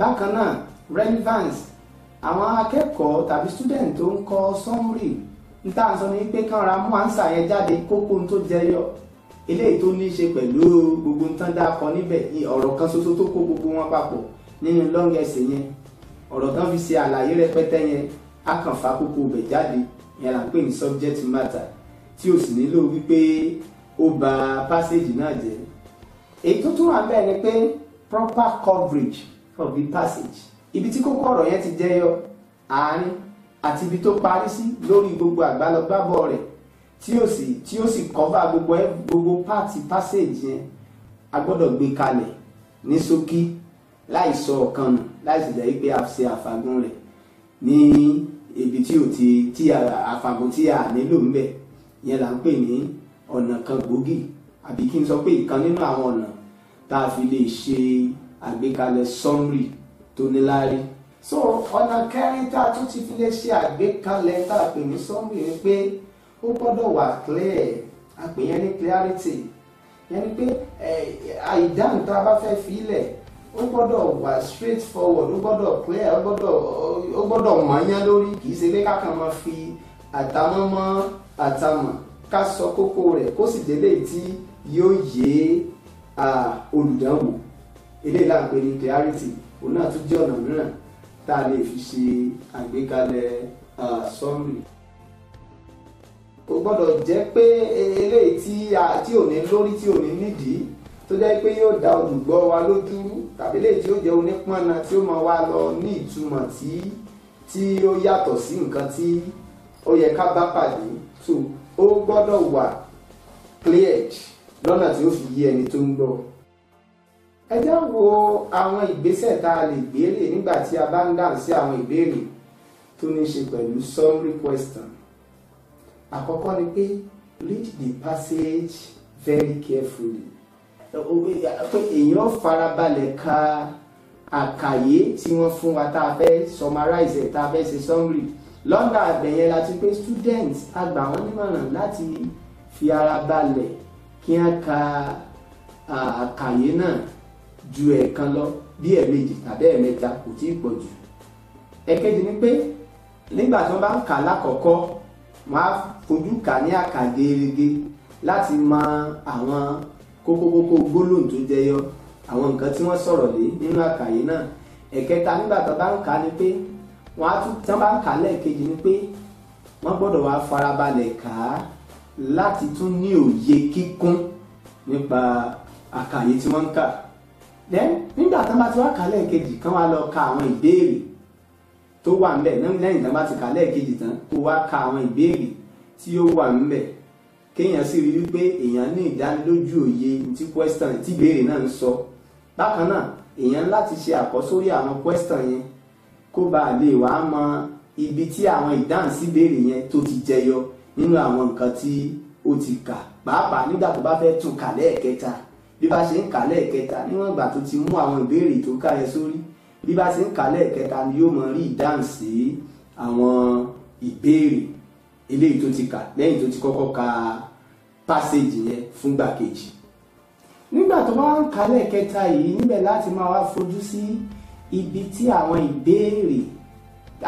bákan náà relevance àwọn akẹ́kọ̀ọ́ tàbí student tó ń kọ summary ń tà sọ ni pé kán ra mú àǹsà yẹn jáde kókó tó jẹyọ eléyìí tó ní í ṣe pẹ̀lú gbogbo nǹkan dákọ níbẹ̀ ọ̀rọ̀ kan ṣoṣo tó kó gbogbo wọn papọ̀ nínú lọ́ngẹ̀sì yẹn ọ̀rọ̀ tán fi ṣe àlàyé rẹpẹtẹ yẹn á kàn fa kókó ibẹ̀ jáde yẹn là ń pè ní subject matter tí o sì nílò wípé ó bà passage náà jẹ́ èyí tó tún wà bẹ́ẹ̀ ni pé proper coverage of the passage ibi tí kókó ọ̀rọ̀ yẹn ti jẹyọ àárín àti ibi tó parí sí lórí gbogbo àgbálọgbábọ̀ rẹ̀ tí ó sì tí ó sì kọ́fà gbogbo ẹ gbogbo pààtì passage yẹn a gbọ́dọ̀ gbé kalẹ̀ ní ṣókí láì sọ ọ̀kan nù láì sì jẹ́ pé a ṣe àfagún rẹ̀ ní ibi tí ò ti tí àfagún tí a nílò ń yẹn là ń pè ní ọ̀nà kan gbòógì àbí kí n sọ pé ìkan nínú àwọn ọ̀nà tá a fi lè ṣe àgbékalẹ̀ summary tó níláárí so ọ̀nà kẹrin tá a tún ti fi lè ṣe àgbékalẹ̀ tá a pè ní summary ni pé ó gbọ́dọ̀ wà clear a pè yẹn ní clarity yẹn ni pé àìdáhùn tá a bá fẹ́ fi ilẹ̀ ó gbọ́dọ̀ wà straight forward ó gbọ́dọ̀ clear ó gbọ́dọ̀ ó gbọ́dọ̀ mọ̀ọ́yán lórí kì í ṣe pé kákan máa fi àtàmọ́mọ́ àtàmọ̀ ká sọ kókó rẹ̀ kó sì délé tí yóò yé olùdánwò eléyìí là ń pè ní clarity òun náà tún jẹ́ ọ̀nà mìíràn tá a lè fi ṣe àgbékalẹ̀ summary kò gbọ́dọ̀ jẹ́ pé e, eléyìí tí ò ní lórí tí ò ní nídìí tó jẹ́ pé yóò dá olùgbọ́ wa lójú tàbí eléyìí tí ó jẹ́ onípọ́nna tí ó máa wá lọ ní ìtumọ̀ tí tí ó yàtọ̀ sí nǹkan tí ó yẹ ká bá pàdé so ó gbọ́dọ̀ wà cleared lọ́nà tí ó fi yé ẹni tó ń gbọ́ ẹ jẹ́ wo àwọn ìgbésẹ̀ tá a lè gbé lè nígbà tí a bá ń dáhùn sí àwọn ìbéèrè tó ní ṣe pẹ̀lú summary question àkọ́kọ́ ni pé read the passage very carefully èèyàn farabalẹ̀ ka àkàyé tí wọ́n fún wa tá a fẹ́ summarize ẹ̀ tá a fẹ́ ṣe summary lọ́nà àgbẹ̀yẹn la ti pé students a gbà wọ́n nímọ̀ràn láti fi ara balẹ̀ kí wọ́n ka àkàyé náà ju ẹ̀ẹ̀kan lọ bí ẹ̀ẹ̀mejì tàbí ẹ̀ẹ̀mẹ́ta kò tí ì pọ̀ jù ẹ̀kejì ni pé nígbà tí wọ́n bá ń kà lákọ̀ọ́kọ́ wọ́n á fojú kà ní àkà gerege láti mọ àwọn kókókókó gbólóhùn tó jẹyọ àwọn nǹkan tí wọ́n sọ̀rọ̀ lé nínú àkàyé náà ẹ̀kẹta nígbà tí wọ́n bá ń kà ni pé wọ́n á bá ń kà lẹ́ẹ̀kejì ni pé wọ́n gbọ́dọ̀ wá farabalẹ̀ kà á láti tún ní òye kíkún nípa àkàyé tí wọ́n ń kà then nígbà tán bá ti wá kálẹ̀ kejì kán wá lọ ka àwọn ìbéèrè tó wà ńbẹ̀ lẹ́yìn tán bá ti kálẹ̀ kejì tán kó wá ka àwọn ìbéèrè tí ó wà ńbẹ̀ kéèyàn sì rí wípé èèyàn ní ìdánilójú òye ti question tí ìbéèrè náà ń sọ bákan náà èèyàn láti ṣe àkọsórí àwọn question yẹn kó ba lè wá mọ ibi tí àwọn ìdáhùn sí ìbéèrè yẹn tó ti jẹyọ nínú àwọn nǹkan tí ó ti kà pàápàá nígbà tó bá fẹ́ tún kà lẹ́ẹ̀kẹta bí bá ṣe ń kà lẹ́ẹ̀kẹta níwọ̀n ìgbà tó ti mú àwọn ìbéèrè tó káyẹ sórí bí bá ṣe ń kà lẹ́ẹ̀kẹta ni yóò mọ rí ìdáhùn sí àwọn ìbéèrè eléyìí tó ti kà lẹ́yìn tó ti kọ́kọ́ ka pásèjì yẹn fúngbà kejì nígbà tó wá ń kà lẹ́ẹ̀kẹta yìí níbẹ̀ láti máa wá fojú sí ibi tí àwọn ìbéèrè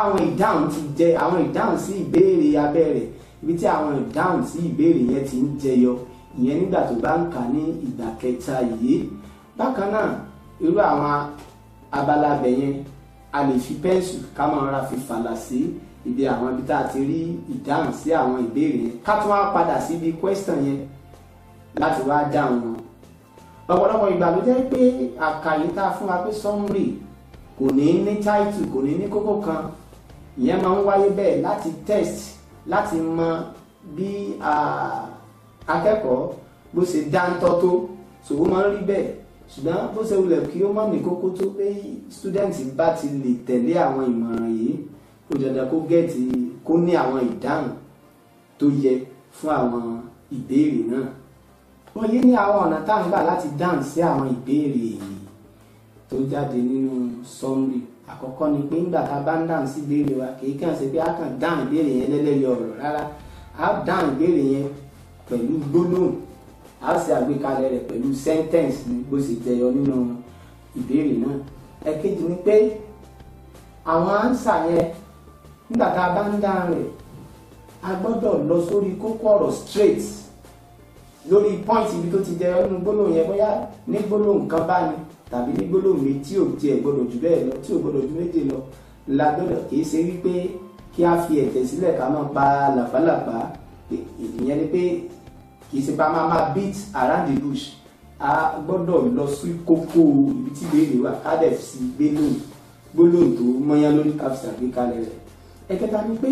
àwọn ìdáhùn ti jẹ àwọn ìdáhùn sí ìbéèrè abẹ́rẹ̀ ibi tí àwọn ìdáhùn sí ìbéèrè yẹn ti ń jẹyọ ìyẹn nígbà tó bá ń kà ní ìgbà kẹta yìí bákan náà irú àwọn abala abẹ yẹn a lè fi pẹ́ǹsù ká máa ra fi fàlà sí ibi àwọn ibi tá a ti rí ìdáhùn sí àwọn ìbéèrè yẹn ká tún wá padà sí ibi question yẹn láti wá dáhùn wọn ọ̀pọ̀lọpọ̀ ìgbà ló jẹ́ pé àkàyè tá a fún wa pé summary kò ní ní title kò ní ní kókó kan ìyẹn máa ń wáyé bẹ́ẹ̀ láti test láti mọ bí. Uh, akẹ́kọ̀ọ́ bó ṣe dáńtọ́ tó ṣòwò máa ń rí bẹ́ẹ̀ ṣùgbọ́n bó ṣe wulẹ̀ kí ó má ní kókó tó pé student bá ti lè tẹ̀lé àwọn ìmọ̀ràn yìí kó dandan kó gẹ̀ẹ́tì kó ní àwọn ìdáhùn tó yẹ fún àwọn ìbéèrè náà wọ́n yé ní àwọn ọ̀nà tá à ń gbà láti dáhùn sí àwọn ìbéèrè yìí tó jáde nínú sọ́mbì àkọ́kọ́ ni pé nígbà tá a bá ń dáhùn sí ìbéèrè wa kì í kàn ṣe pé a kàn dáhùn ìbéèrè yẹn lẹ́lẹ́yọ̀ rárá a dáhùn ìbéèrè yẹn pẹ̀lú gbólóhùn a ṣe àgbékalẹ̀ rẹ̀ pẹ̀lú sentence ni bó ṣe jẹyọ nínú ìbéèrè náà ẹ̀kejì ni pé àwọn ánsà yẹn nígbà tá a bá ń dáhùn rẹ̀ a gbọ́dọ̀ lọ sórí kókó ọ̀rọ̀ straight lórí point ibi tó ti jẹyọ nínú gbólóhùn yẹn bóyá ní gbólóhùn kan bá ní tàbí ní gbólóhùn mi tí ò tiẹ̀ gbọ́dọ̀ jù bẹ́ẹ̀ lọ tí ò gbọ́dọ̀ jù méje lọ la gbọ́dọ̀ kì í ṣe wípé kí a fi ẹ̀tẹ̀ sílẹ̀ ká máa pa làpálàpá ìyẹn ni pé kì í ṣe pa máa máa beat around the bush a gbọ́dọ̀ lọ sí kókó ibi tí ìbéèrè wà ká dẹ̀ sí gbólóhùn gbólóhùn tó mọ́yán lórí káfíńsì àgbékalẹ̀ rẹ̀ ẹ̀kẹta ni pé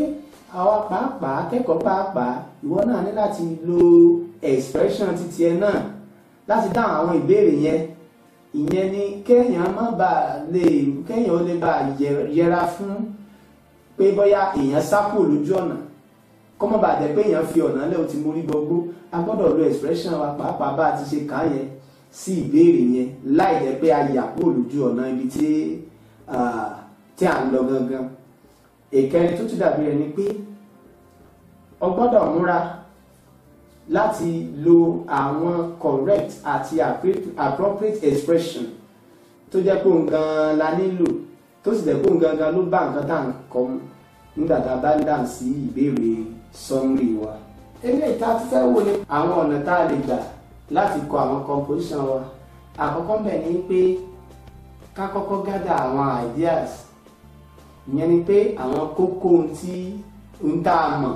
àwa pàápàá akẹ́kọ̀ọ́ pàápàá ìwọ náà ní láti lo expression titi ẹ náà láti dáhùn àwọn ìbéèrè yẹn ìyẹn ni kéèyàn má bàa lè kéèyàn ó lè bàa yẹra fún pé bóyá èèyàn sápò lójú ọ̀nà kọ́mọ́ bá jẹ́ pé èèyàn fi ọ̀nà lẹ́wọ̀n ti mórí gbogbo a gbọ́dọ̀ lo expression wa pàápàá bá a ti ṣe kà á yẹn sí ìbéèrè yẹn láì jẹ́ pé a yà kúrò lójú ọ̀nà ibi tí tí à ń lọ gangan ìkẹrin tó tún dàbí rẹ̀ ni pé o gbọ́dọ̀ múra láti lo àwọn correct àti appropriate expression tó jẹ́ pé òun gan-an la nílò tó sì jẹ́ pé òun gangan ló bá nǹkan tá à ń kọ́ nígbà tá a bá ń dà sí ìbéèrè sọ́nrí wa eléyìí tá a ti fẹ́ wò ni àwọn ọ̀nà tá a lè gbà láti kọ àwọn composition wa àkọ́kọ́ bẹ̀ ni pé ká kọ́kọ́ gádà àwọn ideas ìyẹn ni pé àwọn kókó ohun tí ń tá a mọ̀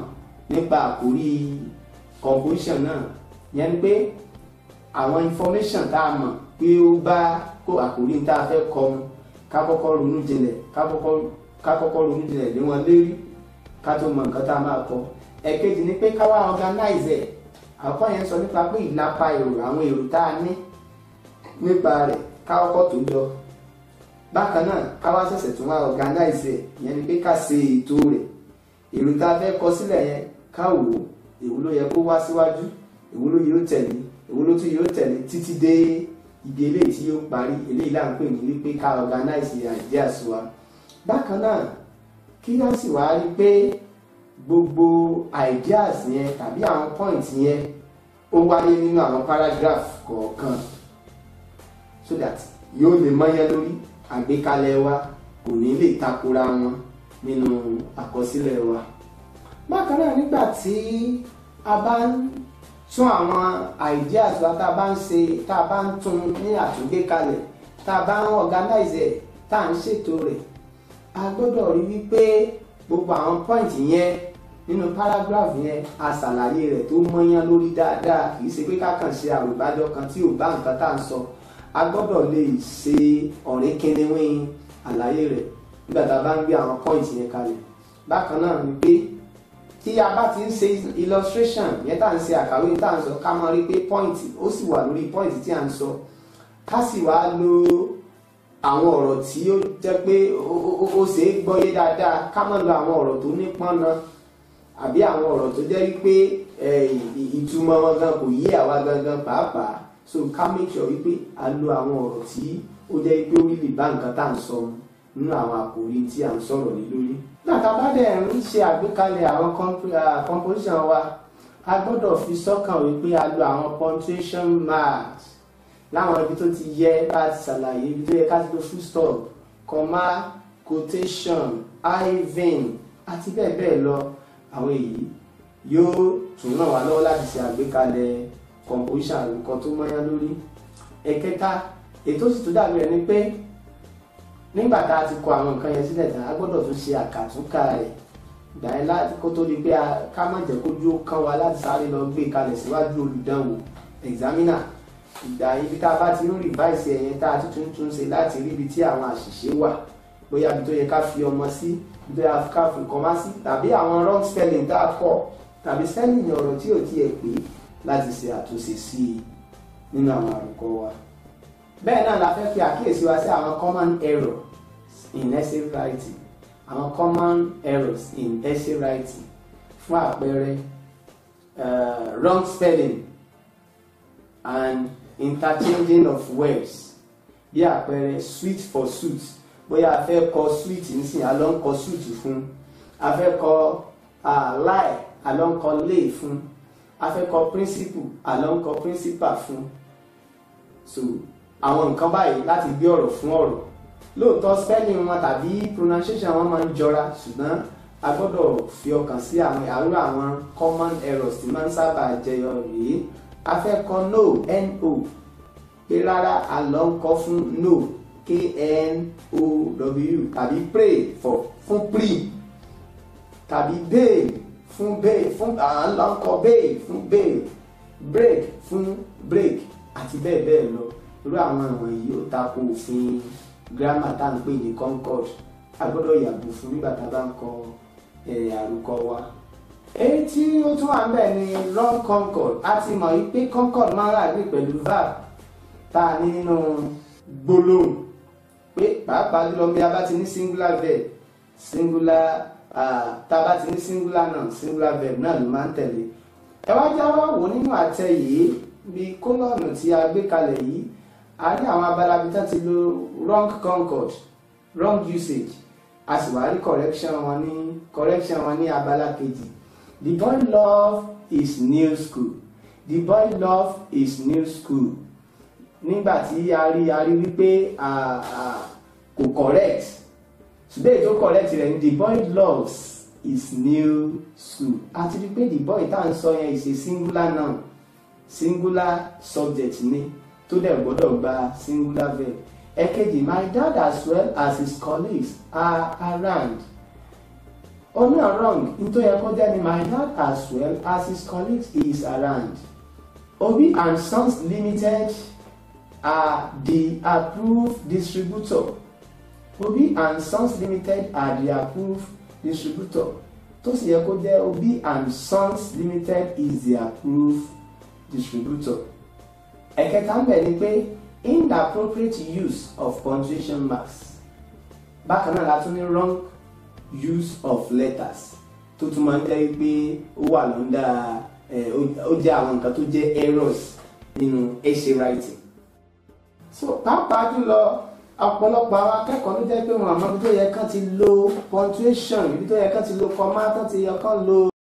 nípa àkórí composition náà ìyẹn ni pé àwọn information tá a mọ̀ pé ó bá kó àkórí tá a fẹ́ kọ mu ká kọ́kọ́ ronú jinlẹ̀ ká kọ́kọ́ ronú jinlẹ̀ lé wọn lérí ká tó mọ nǹkan tá a máa kọ ẹ̀kejì ni pé káwá organize ẹ̀ àkọ́kọ́ yẹn sọ nípa pé ìlapa èrò àwọn èrò tá a ní nípa rẹ̀ káwọ́kọ́ tó lọ bákan náà káwá ṣẹ̀ṣẹ̀ wá yẹn ni pé ká ṣe ètò rẹ̀ èrò tá a fẹ́ kọ sílẹ̀ yẹn ká èwo ló yẹ kó wá síwájú èwo ló yóò tẹ̀lé èwo ló eléyìí tí yóò parí eléyìí là ń pè ní wípé ká wa bákan náà kí gbogbo ideas yẹn tàbí àwọn points yẹn ó wáyé nínú àwọn paragraph kọ̀ọ̀kan so that yóò lè mọ́yán lórí àgbékalẹ̀ wa kò ní lè takora wọn nínú àkọsílẹ̀ wa. bákan náà nígbà tí a bá ń tún àwọn ideas wa tá a bá ń ṣe tá a bá ń tún ní àtúngbékalẹ̀ tá a bá ń organize ẹ̀ tá a ń ṣètò rẹ̀ a gbọ́dọ̀ rí wípé gbogbo àwọn pọ́ìntì yẹn nínú paragraph yẹn aṣàlàyé rẹ̀ tó mọ́yán lórí dáadáa kì í ṣe pé kákan ṣe àròbájọ kan tí ò bá nǹkan tá à ń sọ a gbọ́dọ̀ lè ṣe ọ̀rẹ́ kínníwín àlàyé rẹ̀ nígbà tá a bá ń gbé àwọn pọ́ìntì yẹn kalẹ̀ bákan náà ni pé tí a bá ti ń ṣe illustration yẹn tá à ń ṣe àkàwé tá à ń sọ ká máa rí pé pọ́ìntì ó sì wà lórí pọ́ìntì tí à ń sọ ká sì wá lo àwọn ọ̀rọ̀ tí ó jẹ́ pé ó ṣe é gbọ́yé dáadáa ká má lo àwọn ọ̀rọ̀ tó ní pọ́nna àbí àwọn ọ̀rọ̀ tó jẹ́ wípé ìtumọ̀ wọn gan kò yé àwa gangan pàápàá so ká make sure wípé a lo àwọn ọ̀rọ̀ tí ó jẹ́ wípé ó lè bá nǹkan tá à ń sọ nínú àwọn àkòrí tí à ń sọ̀rọ̀ lé lórí. nàtà bá ń ṣe àgbékalẹ̀ àwọn composition wa a gbọ́dọ̀ fi sọ́kàn wípé a lo àwọn punctuation marks láwọn ibi tó ti yẹ bá ti ṣàlàyé ibi tó yẹ ká ti lo full stop comma quotation Ivan àti bẹ́ẹ̀ bẹ́ẹ̀ lọ àwọn èyí yóò tún ràn wá lọ́wọ́ láti ṣe àgbékalẹ̀ composition nǹkan tó mọ́yán lórí ẹ̀kẹta ètò sì tún dàbí rẹ̀ ni pé nígbà tá a ti kọ àwọn nǹkan yẹn sílẹ̀ tán a gbọ́dọ̀ tún ṣe àkàtúnkà rẹ̀ gbà ẹ́ láti kó tó di pé ká má jẹ́ kójú ó kán wa láti sáré lọ gbé kalẹ̀ síwájú olùdánwò examiner ìgbà ibi tá a bá ti ń rìváìsì ẹ̀yẹn tá a tún tún ṣe láti rí ibi tí àwọn àṣìṣe wà bóyá ibi tó yẹ ká fi ọmọ sí ibi tó yẹ ká fi nǹkan sí tàbí àwọn wrong spelling tá a kọ tàbí spelling ọ̀rọ̀ tí ò tiẹ̀ pé láti ṣe àtúnṣe sí i nínú àwọn àròkọ wa. bẹ́ẹ̀ náà la fẹ́ fi àkíyèsí wa sí àwọn common errors in essay writing àwọn common errors in essay writing fún àpẹẹrẹ uh, wrong spelling and interchanging of words bí àpẹẹrẹ sweet for suit bóyá a fẹ́ kọ sweet nísìn a ló ń kọ suit fún a fẹ́ kọ lie a ló ń kọ lay fún a fẹ́ kọ principle a ló ń kọ principal fún so àwọn nǹkan báyìí láti gbé ọ̀rọ̀ fún ọ̀rọ̀ lóòótọ́ spelling wọn tàbí pronunciation wọn máa ń jọra ṣùgbọ́n a gbọ́dọ̀ fi ọkàn sí àwọn àrùn àwọn common errors tí máa ń sábà jẹyọ rèé afẹ́kọ no no pé rárá àlọ́ ń kọ́ fún no k-n-o-w tàbí pray for fún pray tàbí bail fún bail fún àlọ́ ń kọ́ bail fún bail break fún break àti bẹ́ẹ̀ bẹ́ẹ̀ lọ irú àwọn àwọn yìí ó tako òfin grammar tá à ń pè ní concord a gbọ́dọ̀ yàgò fún nígbà tá a bá ń kọ àròkọ wa èyí tí ó tún wà níbẹ̀ ni long concord a ti mọ̀ yí pé concord máa ń ràgbé pẹ̀lú verb tá a ní nínú gbólóhùn pé pàápàá jùlọ bí a bá ti ní singular verb singular tá a bá ti ní singular noun singular verb náà ló máa ń tẹ̀lé ẹ wá já wá wò nínú àtẹ yìí bí kólọ́ọ̀nù tí a gbé kalẹ̀ yìí a ní àwọn abala bí ti lo wrong concord wrong usage a sì wá rí correction wọn ní correction wọn ní abala kejì The boy love is new school. The boy love is new school. Nígbà tí a rí a rí wípé kò correct. Ṣùgbọ́n ètò correct rẹ̀ ni the boy loves his new school. A ti the boy tá à ń sọ yẹn is a singular noun singular subject ni tó dẹ̀ gbọ́dọ̀ gba singular verb. Ẹ̀kejì my dad as well as his colleagues are around omi ọ̀rọ̀ng tó yẹ kó jẹ́ my dad as well as his colleagues is around Obi and Sons Limited are the approved distributor Obi and Sons Limited are the approved distributor tó sì yẹ kó jẹ́ Obi and Sons Limited is the approved distributor ẹ̀kẹta ń bẹ̀ ni pé inappropriate use of punctuation marks bákan náà la ní wrong use of letters tó tún máa ń jẹ́ pé ó wà lọ́ndà ó jẹ́ àwọn nǹkan tó jẹ́ errors nínú essay writing. so pàápàá jùlọ ọ̀pọ̀lọpọ̀ àwọn akẹ́kọ̀ọ́ ló jẹ́ pé wọn àmọ́ ibi tó yẹ kán ti lo punctuation ibi tó yẹ kán ti lo comma tán ti yẹ kán lo.